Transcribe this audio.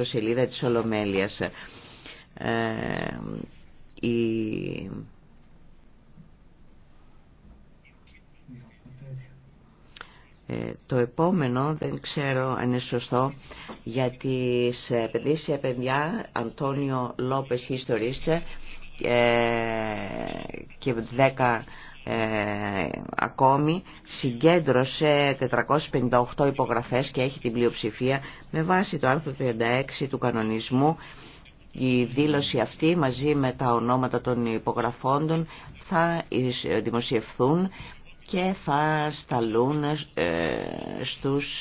ιστοσελίδα της Ολομέλειας. Ε, ε, το επόμενο δεν ξέρω αν είναι σωστό για τις επενδύσεις παιδιά Αντώνιο Λόπες Ιστορίστσε και 10 ε, ακόμη συγκέντρωσε 458 υπογραφές και έχει την πλειοψηφία με βάση το άρθρο 36 του κανονισμού η δήλωση αυτή μαζί με τα ονόματα των υπογραφόντων θα δημοσιευθούν και θα σταλούν ε, στους